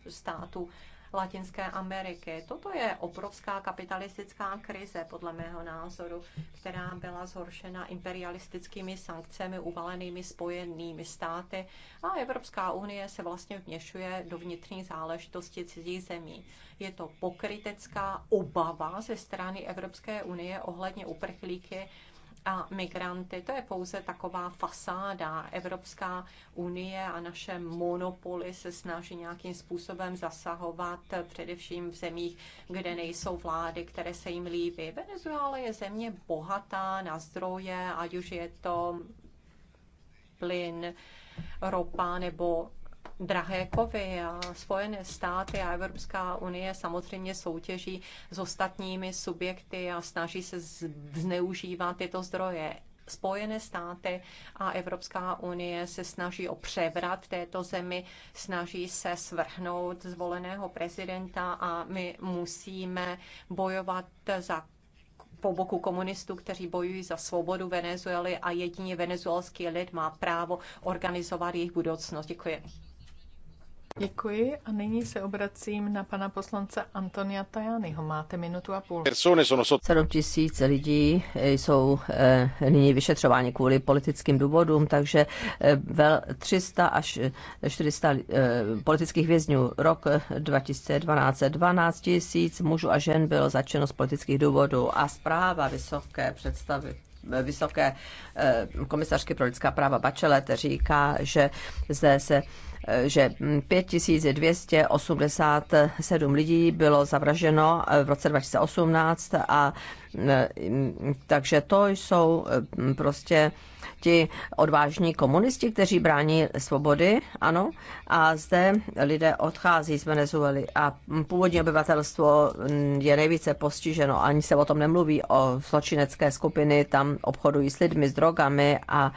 států Latinské Ameriky. Toto je obrovská kapitalistická krize, podle mého názoru, která byla zhoršena imperialistickými sankcemi uvalenými spojenými státy a Evropská unie se vlastně vměšuje do vnitřní záležitosti cizích zemí. Je to pokrytecká obava ze strany Evropské unie ohledně uprchlíky a migranty. To je pouze taková fasáda. Evropská unie a naše monopoly se snaží nějakým způsobem zasahovat především v zemích, kde nejsou vlády, které se jim líbí. Venezuela je země bohatá na zdroje, ať už je to plyn, ropa nebo drahé kovy a Spojené státy a Evropská unie samozřejmě soutěží s ostatními subjekty a snaží se zneužívat tyto zdroje. Spojené státy a Evropská unie se snaží o převrat této zemi, snaží se svrhnout zvoleného prezidenta a my musíme bojovat za po boku komunistů, kteří bojují za svobodu Venezuely a jedině venezuelský lid má právo organizovat jejich budoucnost. Děkuji. Děkuji a nyní se obracím na pana poslance Antonia Tajányho. Máte minutu a půl. 7 tisíc lidí eh, jsou eh, nyní vyšetřováni kvůli politickým důvodům, takže 300 eh, až 400 politických vězňů. Rok 2012 12 tisíc mužů a žen bylo začeno z politických důvodů a zpráva vysoké představy vysoké komisařky pro lidská práva Bachelet říká, že zde se že 5287 lidí bylo zavraženo v roce 2018 a takže to jsou mm, prostě ti odvážní komunisti, kteří brání svobody, ano, a zde lidé odchází z Venezuely a původní obyvatelstvo mm, je nejvíce postiženo, ani se o tom nemluví, o zločinecké skupiny tam obchodují s lidmi, s drogami a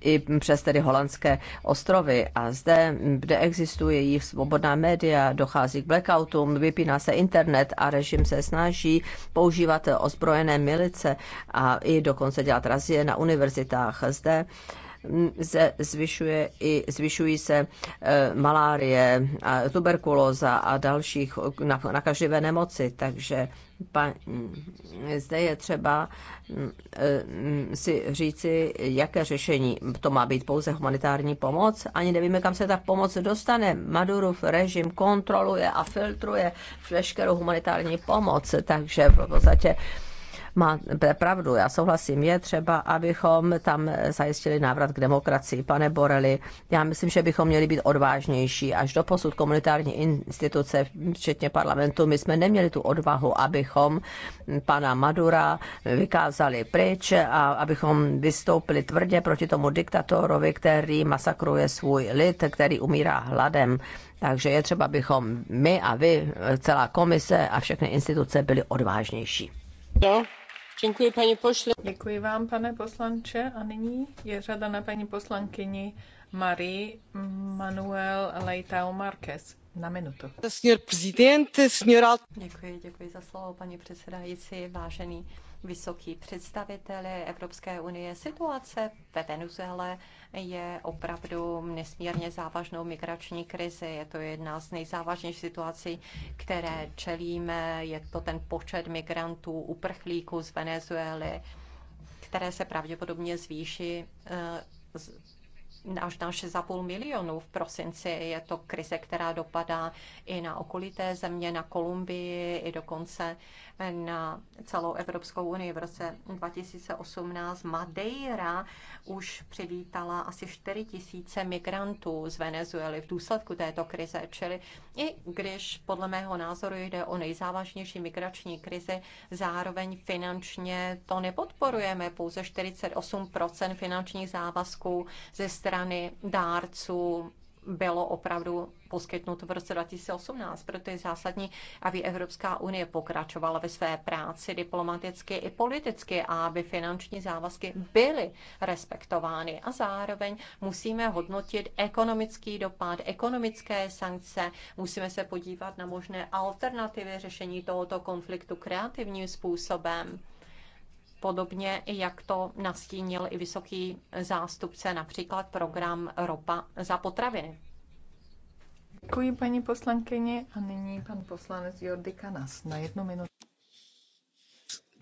i přes tedy holandské ostrovy. A zde, kde existuje jejich svobodná média, dochází k blackoutům, vypíná se internet a režim se snaží používat ozbrojené milice a i dokonce dělat razie na univerzitách. Zde zvyšuje i, zvyšují se e, malárie, tuberkulóza a dalších nakažlivé nemoci, takže pa, zde je třeba e, si říci, jaké řešení. To má být pouze humanitární pomoc. Ani nevíme, kam se ta pomoc dostane. Madurov režim kontroluje a filtruje veškerou humanitární pomoc, takže v podstatě má pravdu, já souhlasím, je třeba, abychom tam zajistili návrat k demokracii. Pane Boreli, já myslím, že bychom měli být odvážnější. Až do posud komunitární instituce, včetně parlamentu, my jsme neměli tu odvahu, abychom pana Madura vykázali pryč a abychom vystoupili tvrdě proti tomu diktatorovi, který masakruje svůj lid, který umírá hladem. Takže je třeba, abychom my a vy, celá komise a všechny instituce byly odvážnější. Yeah. No. Děkuji, paní Děkuji vám, pane poslanče. A nyní je řada na paní poslankyni Marie Manuel Leitao Marquez na minutu. Děkuji, děkuji za slovo, paní předsedající, vážený vysoký představitel Evropské unie. Situace ve Venezuele je opravdu nesmírně závažnou migrační krizi. Je to jedna z nejzávažnějších situací, které čelíme. Je to ten počet migrantů, uprchlíků z Venezuely, které se pravděpodobně zvýší eh, až na 6,5 milionů v prosinci. Je to krize, která dopadá i na okolité země, na Kolumbii, i dokonce na celou Evropskou unii. V roce 2018 Madeira už přivítala asi 4 tisíce migrantů z Venezuely v důsledku této krize. Čili i když podle mého názoru jde o nejzávažnější migrační krizi, zároveň finančně to nepodporujeme. Pouze 48 finančních závazků ze strany dárců bylo opravdu poskytnuto v roce 2018. Proto je zásadní, aby Evropská unie pokračovala ve své práci diplomaticky i politicky a aby finanční závazky byly respektovány. A zároveň musíme hodnotit ekonomický dopad, ekonomické sankce, musíme se podívat na možné alternativy řešení tohoto konfliktu kreativním způsobem podobně, jak to nastínil i vysoký zástupce, například program Ropa za potraviny. Děkuji paní poslankyni a nyní pan poslanec Jordi Kanas na jednu minutu.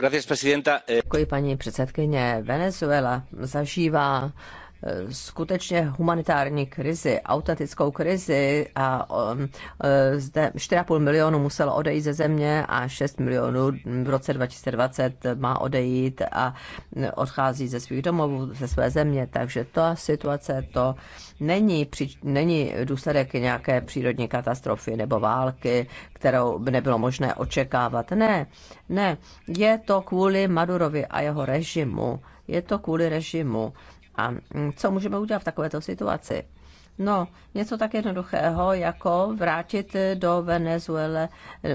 Eh, Děkuji paní předsedkyně. Venezuela zažívá Eh, skutečně humanitární krizi, autentickou krizi a um, eh, zde 4,5 milionu muselo odejít ze země a 6 milionů v roce 2020 má odejít a odchází ze svých domovů, ze své země, takže ta situace to není, při, není důsledek nějaké přírodní katastrofy nebo války, kterou by nebylo možné očekávat. Ne, ne, je to kvůli Madurovi a jeho režimu. Je to kvůli režimu. A co můžeme udělat v takovéto situaci? No, něco tak jednoduchého, jako vrátit do Venezuele,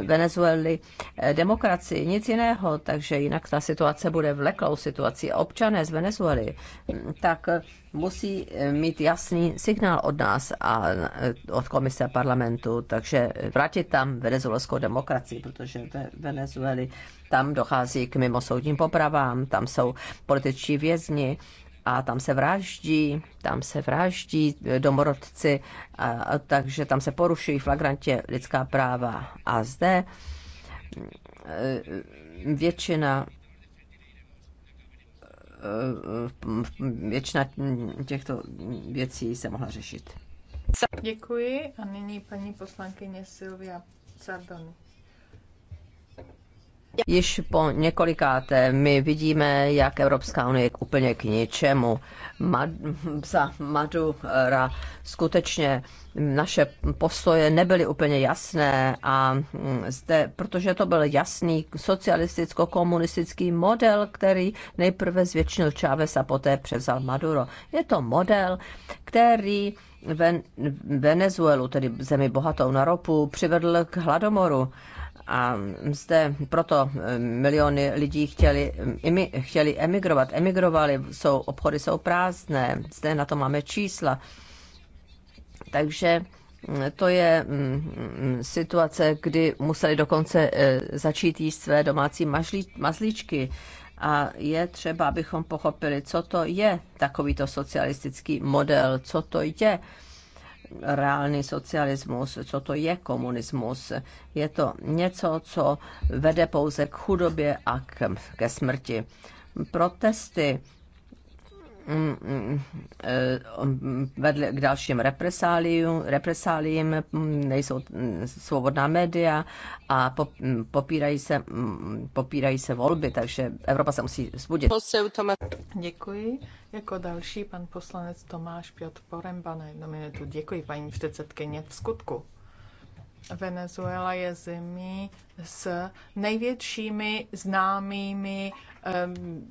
Venezuely eh, demokracii, nic jiného, takže jinak ta situace bude vleklou situací. Občané z Venezuely mm, tak eh, musí eh, mít jasný signál od nás a od komise parlamentu, takže vrátit tam venezuelskou demokracii, protože ve Venezueli tam dochází k mimosoudním popravám, tam jsou političtí vězni a tam se vraždí, tam se vraždí eh, domorodci, a, takže tam se porušují flagrantě lidská práva. A zde eh, většina eh, většina těchto věcí se mohla řešit. Děkuji a nyní paní poslankyně Silvia Cardoni. Již po několikáté my vidíme, jak Evropská unie je úplně k ničemu. Mad, za Madura skutečně naše postoje nebyly úplně jasné a zde, protože to byl jasný socialisticko-komunistický model, který nejprve zvětšil Chávez a poté převzal Maduro. Je to model, který Ven- Venezuelu, tedy zemi bohatou na ropu, přivedl k hladomoru a zde proto eh, miliony lidí chtěli, eh, imi, chtěli emigrovat, emigrovali, jsou, obchody jsou prázdné, zde na to máme čísla. Takže mm, to je mm, mm, situace, kdy museli dokonce eh, začít jíst své domácí mažlí, mazlíčky. A je třeba, abychom pochopili, co to je takovýto socialistický model, co to je reálný socialismus, co to je komunismus. Je to něco, co vede pouze k chudobě a k, ke smrti. Protesty vedle k dalším represáliím, represáliím nejsou svobodná média a popírají se, popírají se volby, takže Evropa se musí zbudit. Děkuji. Jako další pan poslanec Tomáš Piotr Poremba na jednu minutu. Děkuji, paní předsedkyně. V skutku Venezuela je zemí s největšími známými um,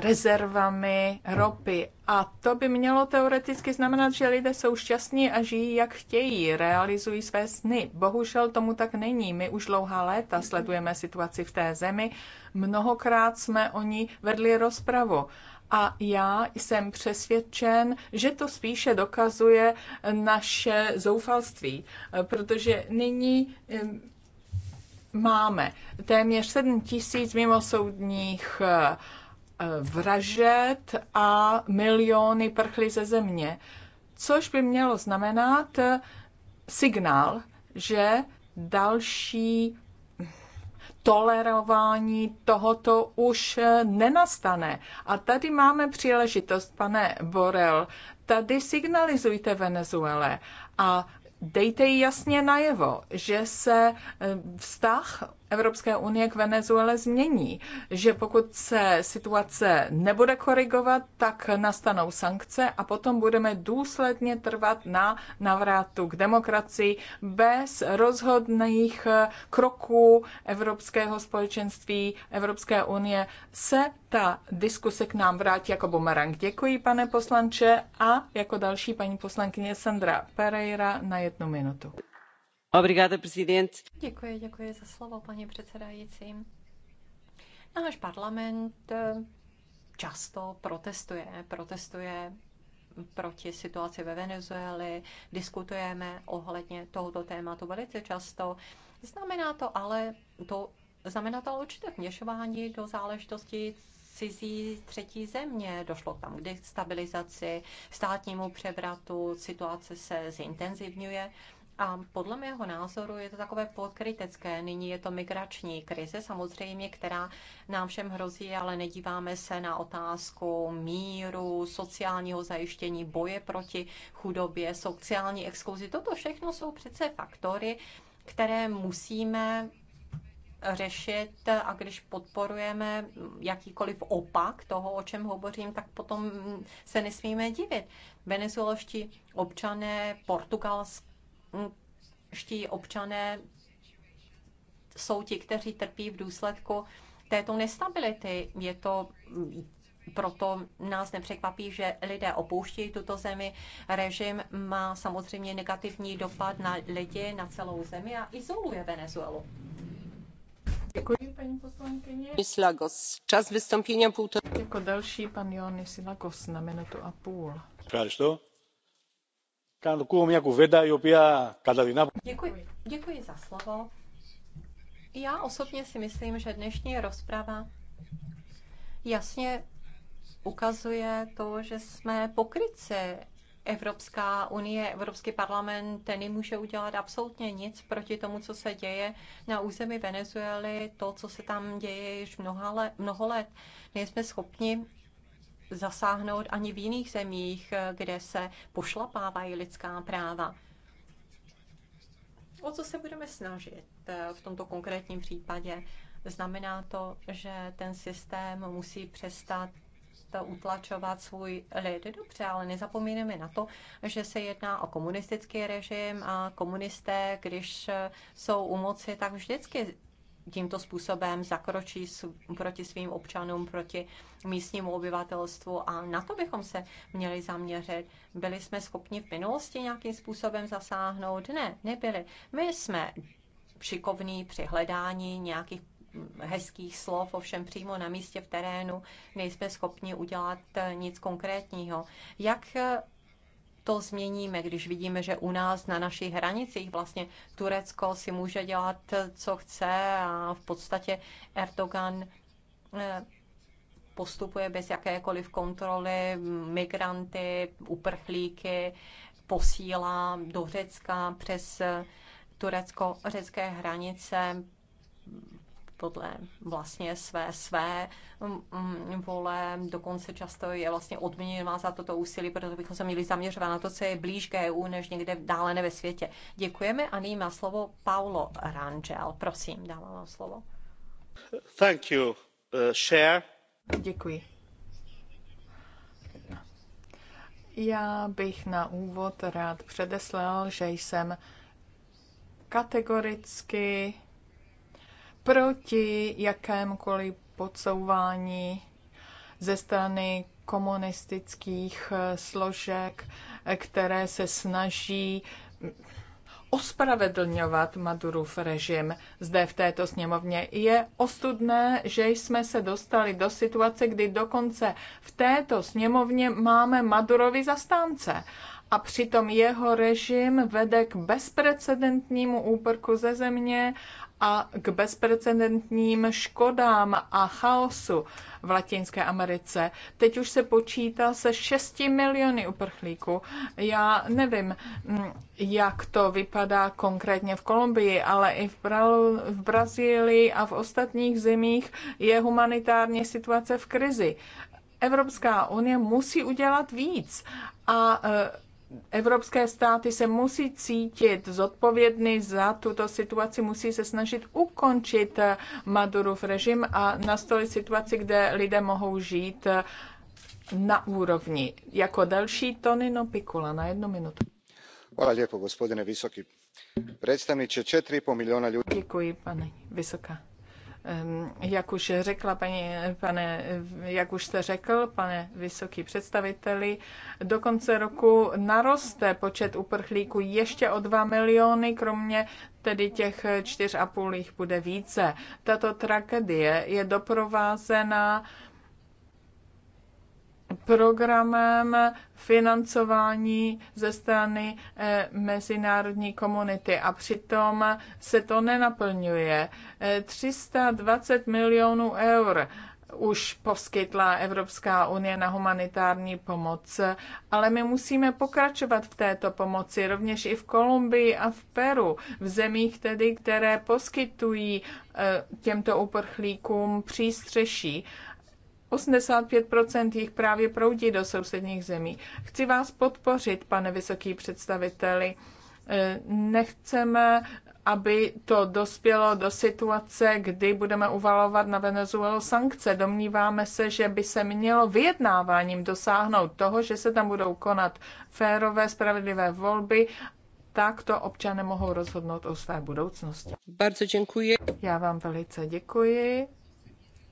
rezervami ropy. A to by mělo teoreticky znamenat, že lidé jsou šťastní a žijí jak chtějí, realizují své sny. Bohužel tomu tak není. My už dlouhá léta sledujeme situaci v té zemi. Mnohokrát jsme o ní vedli rozpravu. A já jsem přesvědčen, že to spíše dokazuje naše zoufalství, protože nyní máme téměř 7 tisíc mimosoudních uh, vražet a miliony prchly ze země. Což by mělo znamenat signál, že další tolerování tohoto už nenastane. A tady máme příležitost, pane Borel, tady signalizujte Venezuele a dejte jí jasně najevo, že se vztah Evropské unie k Venezuele změní, že pokud se situace nebude korigovat, tak nastanou sankce a potom budeme důsledně trvat na navrátu k demokracii bez rozhodných eh, kroků Evropského společenství, Evropské unie se ta diskuse k nám vrátí jako bumerang. Děkuji, pane poslanče, a jako další paní poslankyně Sandra Pereira na jednu minutu za slovo, paní předsedající. Náš parlament eh, často protestuje, protestuje proti situaci ve Venezueli, diskutujeme ohledně tohoto tématu velice často. Znamená to ale to, znamená to určité vměšování do záležitosti cizí třetí země. Došlo tam k destabilizaci, státnímu převratu, situace se zintenzivňuje. A podle mého názoru je to takové podkrytecké. Nyní je to migrační krize, samozřejmě, která nám všem hrozí, ale nedíváme se na otázku míru, sociálního zajištění, boje proti chudobě, sociální exkluzi. Toto všechno jsou přece faktory, které musíme řešit a když podporujeme jakýkoliv opak toho, o čem hovořím, tak potom se nesmíme divit. Venezuelští občané, portugalské ští občané jsou ti, kteří trpí v důsledku této nestability. Je to proto nás nepřekvapí, že lidé opouštějí tuto zemi. Režim má samozřejmě negativní dopad na lidi, na celou zemi a izoluje Venezuelu. Děkuji, paní poslankyně. Lagos. Čas vystoupení půl. Jako další pan Joannis Lagos na minutu a půl. to? Děkuji, za slovo. Já osobně si myslím, že dnešní rozprava jasně ukazuje to, že jsme pokryci. Evropská unie, Evropský parlament ten nemůže udělat absolutně nic proti tomu, co se děje na území Venezuely, to, co se tam děje již mnoha let, mnoho let. Nejsme schopni zasáhnout ani v jiných zemích, eh, kde se pošlapávají lidská práva. O co se budeme snažit eh, v tomto konkrétním případě? Znamená to, že ten systém musí přestat utlačovat svůj lid. Dobře, ale nezapomínáme na to, že se jedná o komunistický režim a komunisté, když jsou u moci, tak vždycky tímto způsobem zakročí proti svým občanům, proti místnímu obyvatelstvu a na to bychom se měli zaměřit. Byli jsme schopni v minulosti nějakým způsobem zasáhnout? Ne, nebyli. My jsme šikovní při hledání nějakých hezkých slov, ovšem přímo na místě v terénu nejsme schopni udělat eh, nic konkrétního. Jak eh, to změníme, když vidíme, že u nás na našich hranicích vlastně Turecko si může dělat, co chce a v podstatě Erdogan eh, postupuje bez jakékoliv kontroly migranty, uprchlíky, posílá do Řecka přes turecko-řecké hranice podle vlastně své, své mm, mm, vole, dokonce často je vlastně odměněná za toto úsilí, protože bychom se měli zaměřovat na to, co je blíž k EU, než někde dále ne ve světě. Děkujeme a nyní má slovo Paulo Rangel. Prosím, dávám vám slovo. Thank you, uh, share. Děkuji. Já bych na úvod rád předeslal, že jsem kategoricky proti jakémukoliv podsouvání ze strany komunistických eh, složek, eh, které se snaží ospravedlňovat Madurův režim zde v této sněmovně. Je ostudné, že jsme se dostali do situace, kdy dokonce v této sněmovně máme Madurovi zastánce. A přitom jeho režim vede k bezprecedentnímu úprku ze země a k bezprecedentním škodám a chaosu v Latinské Americe. Teď už se počítá se 6 miliony uprchlíků. Já nevím, mm, jak to vypadá konkrétně v Kolumbii, ale i v, Bra- v Brazílii a v ostatních zemích je humanitární situace v krizi. Evropská unie musí udělat víc a e, evropské státy se musí cítit zodpovědný za tuto situaci, musí se snažit ukončit eh, Madurov režim a nastolit situaci, kde lidé mohou žít eh, na úrovni. Jako další Tonino Pikula na jednu minutu. Hvala lepo, gospodine vysoký. predstavniče. 4,5 miliona ľudí... Děkuji, pane Vysoká jak už řekla paní, pane, jak už jste řekl, pane vysoký představiteli, do konce roku naroste počet uprchlíků ještě o 2 miliony, kromě tedy těch 4,5 jich bude více. Tato tragédie je doprovázena programem financování ze strany eh, mezinárodní komunity a přitom se to nenaplňuje. 320 eh, milionů eur už poskytla Evropská unie na humanitární pomoc, ale my musíme pokračovat v této pomoci, rovněž i v Kolumbii a v Peru, v zemích tedy, které poskytují eh, těmto uprchlíkům přístřeší 85% jich právě proudí do sousedních zemí. Chci vás podpořit, pane vysoký představiteli. Eh, nechceme, aby to dospělo do situace, kdy budeme uvalovat na Venezuelu sankce. Domníváme se, že by se mělo vyjednáváním dosáhnout toho, že se tam budou konat férové, spravedlivé volby tak to občané mohou rozhodnout o své budoucnosti. Bardzo děkuji. Já vám velice děkuji.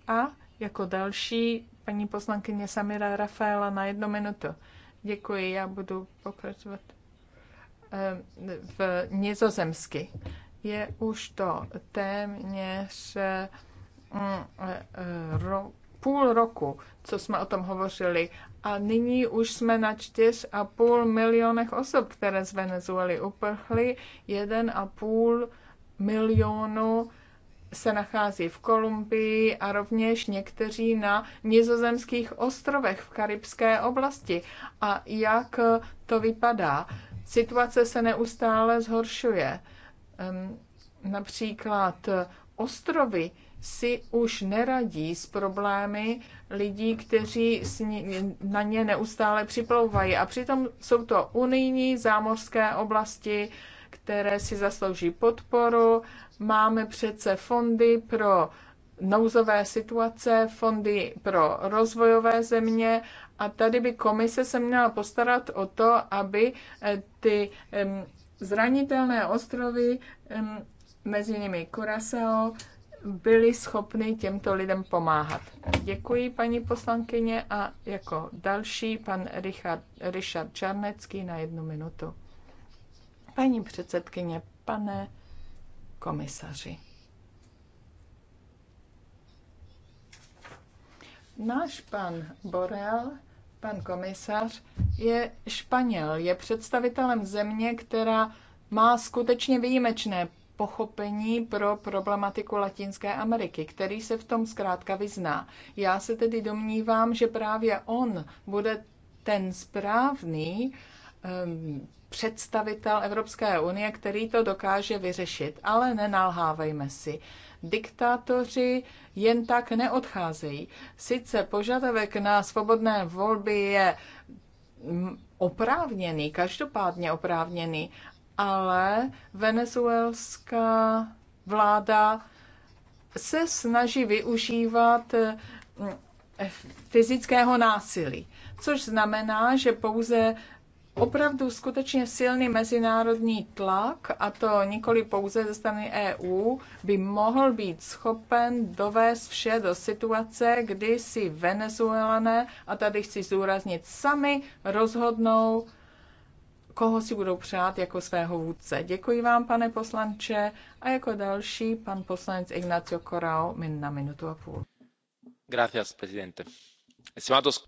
A jako další paní poslankyně Samira Rafaela na jednu minutu. Děkuji, já budu pokračovat eh, v nizozemsky. Je už to téměř mm, eh, půl roku, co jsme o tom hovořili. A nyní už jsme na 4,5 milionech osob, které z Venezuely uprchly, 1,5 milionu se nachází v Kolumbii a rovněž někteří na nizozemských ostrovech v karibské oblasti. A jak to vypadá? Situace se neustále zhoršuje. Například ostrovy si už neradí s problémy lidí, kteří na ně neustále připlouvají. A přitom jsou to unijní zámořské oblasti, které si zaslouží podporu. Máme přece fondy pro nouzové situace, fondy pro rozvojové země a tady by komise se měla postarat o to, aby eh, ty zranitelné ostrovy, mezi nimi Curaçao, byli schopny těmto lidem pomáhat. Děkuji, paní poslankyně, a jako další pan Richard, Richard Čarnecký na jednu minutu. Paní předsedkyně, pane komisaři. Náš pan Borel, pan komisař, je Španěl, je představitelem země, která má skutečně výjimečné pochopení pro problematiku Latinské Ameriky, který se v tom zkrátka vyzná. Já se tedy domnívám, že právě on bude ten správný, Ehm, představitel Evropské unie, který to dokáže vyřešit. Ale nenalhávejme si. Diktátoři jen tak neodcházejí. Sice požadavek na svobodné volby je mm, oprávněný, každopádně oprávněný, ale venezuelská vláda se snaží využívat mm, fyzického násilí, což znamená, že pouze opravdu skutečně silný mezinárodní tlak, a to nikoli pouze ze strany EU, by mohl být schopen dovést vše do situace, kdy si Venezuelané, a tady chci zúraznit, sami rozhodnou, koho si budou přát jako svého vůdce. Děkuji vám, pane poslanče. A jako další, pan poslanec Ignacio Corao, min na minutu a půl. Gracias, presidente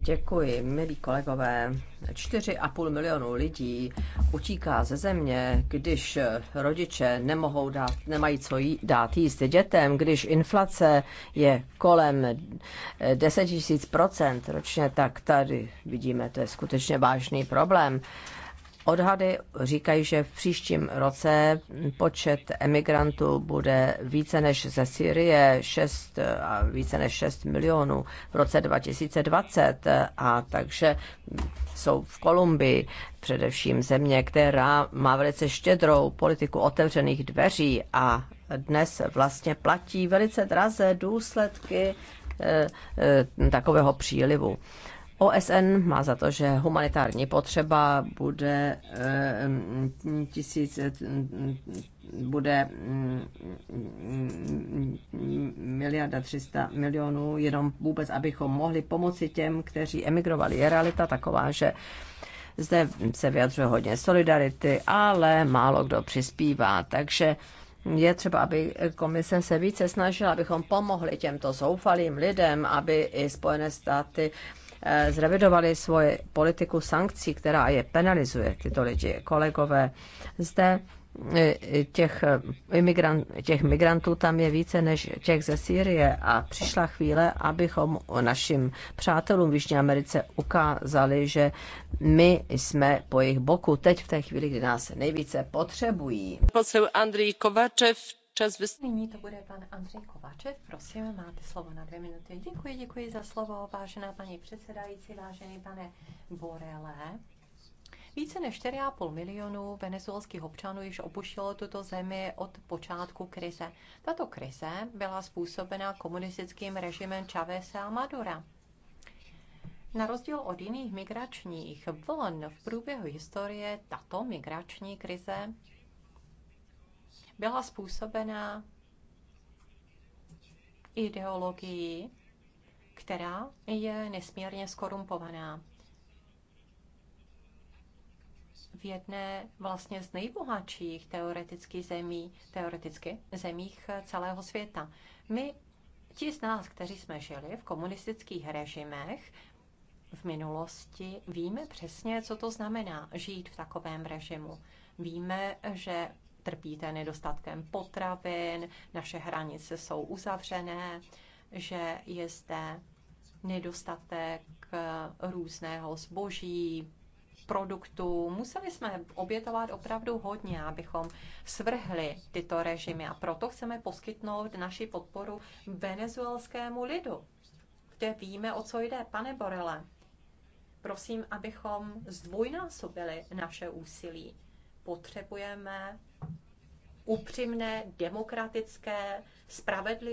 Děkuji, milí kolegové. 4,5 milionu lidí utíká ze země, když rodiče nemohou dát, nemají co jí, dát jíst dětem, když inflace je kolem 10 000 ročně, tak tady vidíme, to je skutečně vážný problém. Odhady říkají, že v příštím roce počet emigrantů bude více než ze Syrie 6 a více než 6 milionů v roce 2020 a takže jsou v Kolumbii především země, která má velice štědrou politiku otevřených dveří a dnes vlastně platí velice draze důsledky eh, eh, takového přílivu. OSN má za to, že humanitární potřeba bude eh, tisíc, eh, bude mm, miliarda 300 milionů, jenom vůbec, abychom mohli pomoci těm, kteří emigrovali. Je realita taková, že zde se vyjadřuje hodně solidarity, ale málo kdo přispívá, takže je třeba, aby komise se více snažila, abychom pomohli těmto zoufalým lidem, aby i Spojené státy uh, Eh, zrevidovali svoji politiku sankcí, která je penalizuje tyto lidi. Kolegové, zde eh, těch, eh, imigrant, těch migrantů tam je více než těch ze Sýrie a přišla chvíle, abychom našim přátelům v Jižní Americe ukázali, že my jsme po jejich boku teď v té chvíli, kdy nás nejvíce potřebují. Posel Andrej Kovačev, čas vys... Nyní to bude pan Andrej Kovačev. Prosím, máte slovo na dvě minuty. Děkuji, děkuji za slovo, vážená paní předsedající, vážený pane Borele. Více než 4,5 milionů venezuelských občanů již opuštilo tuto zemi od počátku krize. Tato krize byla způsobena komunistickým režimem Chavesa a Madura. Na rozdíl od jiných migračních vln v průběhu historie tato migrační krize byla způsobena ideologií, která je nesmírně skorumpovaná. V jedné vlastně z nejbohatších teoretických zemí, teoreticky zemích celého světa. My, ti z nás, kteří jsme žili v komunistických režimech, v minulosti víme přesně, co to znamená žít v takovém režimu. Víme, že trpíte nedostatkem potravin, naše hranice jsou uzavřené, že je zde nedostatek eh, různého zboží, produktů. Museli jsme obětovat opravdu hodně, abychom svrhli tyto režimy a proto chceme poskytnout naši podporu venezuelskému lidu, kde víme, o co jde. Pane Borele, prosím, abychom zdvojnásobili naše úsilí. Potřebujeme upřímné, demokratické, spravedlivé